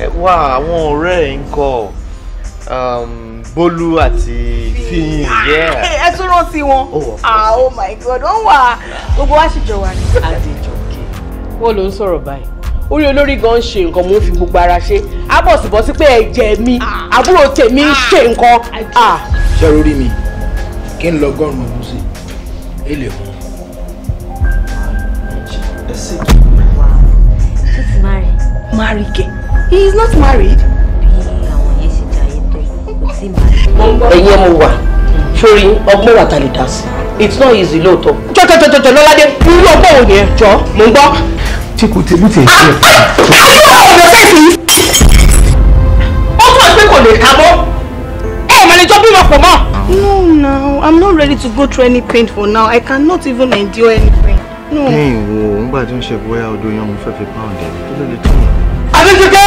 ẹ eh, wá àwọn ọ̀rẹ́ ẹ̀ ń kọ́ um, Bólú àti Fíyìn. Ah, ẹ tún rántí wọn oh, ah, oh my god wọn wà gbogbo wa sì jọ wà ní. adéjọkè wọn ló ń sọ̀rọ̀ báyìí orí olórí gan ṣe nǹkan mo ń fi gbogbo ara ṣe abọ̀sibọ́sí pé ẹ̀jẹ̀ mi ah. àbúrò tèmi ń ṣe nǹkan. ṣé orí mi kí n lọ gọ́rùn-ún ọdún sí i èlé fún un. ẹ sì kí n wá. marry marry kẹ́ he is not married. bí àwọn yẹn ṣe jayé tó kò sí màá. ẹ̀yin ẹ̀ mo wà sórí ọgbọ́n wà tá a lè dá sí it's not easy lóòótọ́. jọ́jọ́jọ́jọ́ lọ́ládé irú ọgbọ́n wo nìyẹn jọ mo ń gbọ́. tí kò tẹ̀lé tẹ̀ ṣe. àbúrò ọ̀rọ̀ ọ̀dọ̀ sẹ́ẹ̀sì. ó tún ẹ pé kò lè ká mọ́ ẹ mà lè jọ bímọ pọ̀ mọ́. no now i'm not ready to go through any pain for now i cannot even endure any pain. pain wo ngbà tí ń ṣe bóyá odò yan mo fẹ́ fi pound ẹ̀ kí ló lè tún. àbíjúkẹ́